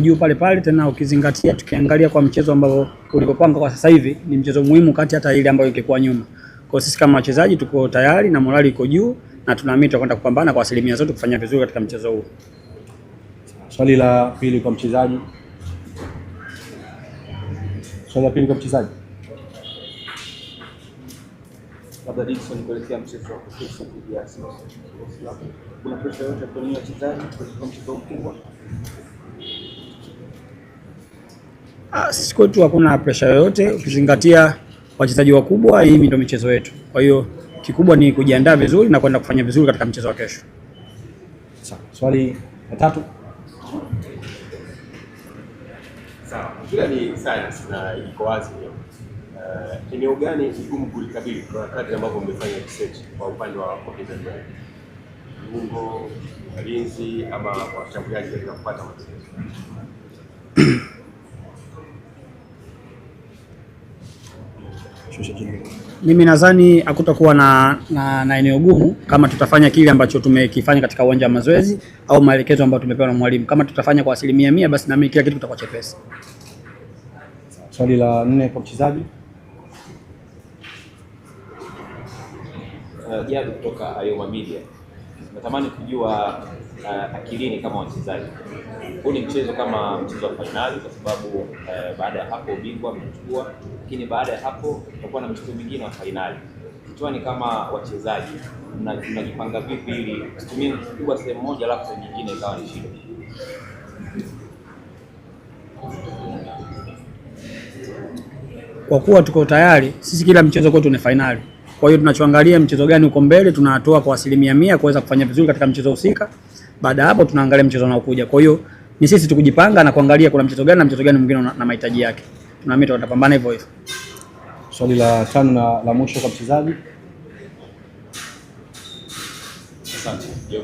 juu pale pale tena, ukizingatia tukiangalia kwa mchezo ambao ulipopanga kwa sasa hivi ni mchezo muhimu kati hata ile ambayo ingekuwa nyuma. Kwa sisi kama wachezaji tuko tayari na morali iko juu na tunaamini tutakwenda kupambana kwa asilimia zote kufanya vizuri katika mchezo huu. Swali la pili kwa mchezaji. Swali la pili kwa mchezaji. Labda Dickson kuelekea mchezo wa kesho dhidi Kuna pressure yote kwa mchezaji kwa mchezo mkubwa. Ah, sisi kwetu hakuna pressure yoyote, ukizingatia wachezaji wakubwa, hii ndio michezo yetu. Kwa hiyo kikubwa ni kujiandaa vizuri na kwenda kufanya vizuri katika mchezo wa kesho. Sawa, swali la tatu. Sawa, mpira ni science na iko wazi leo. Uh, eneo gani ni gumu kulikabili kwa kadri ambavyo umefanya research kwa upande wa kompyuta yenu? Mungo, walinzi ama washambuliaji katika kupata matokeo. Mimi nadhani hakutakuwa na, na, na eneo gumu kama tutafanya kile ambacho tumekifanya katika uwanja wa mazoezi au maelekezo ambayo tumepewa na mwalimu. Kama tutafanya kwa asilimia mia, basi naamini kila kitu kitakuwa chepesi. Swali la nne kwa mchezaji Jadu kutoka Ayoma Media natamani kujua uh, akilini kama wachezaji, huu ni mchezo kama mchezo wa fainali kwa sababu uh, baada ya hapo ubingwa mnachukua, lakini baada ya hapo tutakuwa na mchezo mwingine wa fainali. Kichwani kama wachezaji mnajipanga vipi ili tumie kubwa sehemu moja alafu sehemu nyingine ikawa ni shida? Kwa kuwa tuko tayari sisi, kila mchezo kwetu ni fainali. Kwa hiyo tunachoangalia mchezo gani uko mbele, tunatoa kwa asilimia mia kuweza kufanya vizuri katika mchezo husika. Baada hapo tunaangalia mchezo unaokuja. Kwa hiyo ni sisi tukujipanga na kuangalia kuna mchezo gani na mchezo gani mwingine na mahitaji yake. Tunaamini tutapambana hivyo hivyo. Swali la tano na la mwisho kwa mchezaji. Asante. Leo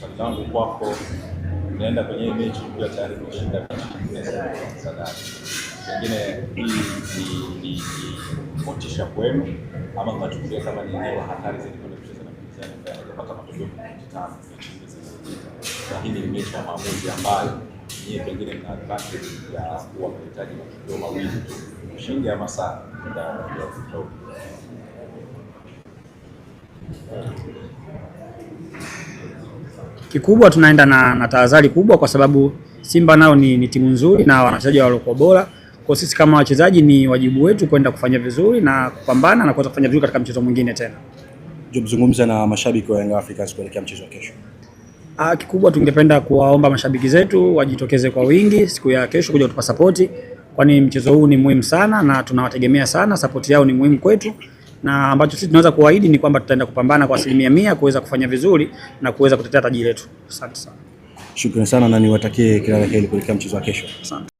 Swali langu kwako, unaenda kwenye mechi tayari kushinda mechi pengine hii ni motisha kwenu ama tunachukulia kama ni eneo la hatari zaidi kwenda kucheza na mpinzani ambaye hajapata matokeo kwa mechi tano mechi nne zilizopita, na hii ni mechi ya maamuzi ambayo nyie pengine mna advantage ya kuwa mnahitaji matokeo mawili tu, ushindi ama sare kwenda kutoka kikubwa tunaenda na, na tahadhari kubwa kwa sababu Simba nao ni, ni timu nzuri na wanachezaji waliokuwa bora kwa sisi kama wachezaji ni wajibu wetu kwenda kufanya vizuri na kupambana na kuweza kufanya vizuri katika mchezo mwingine tena. Zungumza na mashabiki wa Yanga Africans kuelekea mchezo wa kesho. Ah, kikubwa tungependa kuwaomba mashabiki zetu wajitokeze kwa wingi siku ya kesho kuja kutupa sapoti, kwani mchezo huu ni muhimu sana na tunawategemea sana. Sapoti yao ni muhimu kwetu, na ambacho sisi tunaweza kuahidi ni kwamba tutaenda kupambana kwa asilimia mia kuweza kufanya vizuri na kuweza kutetea taji letu. Asante sana. Shukrani sana na niwatakie kila la heri kuelekea mchezo wa kesho. Asante.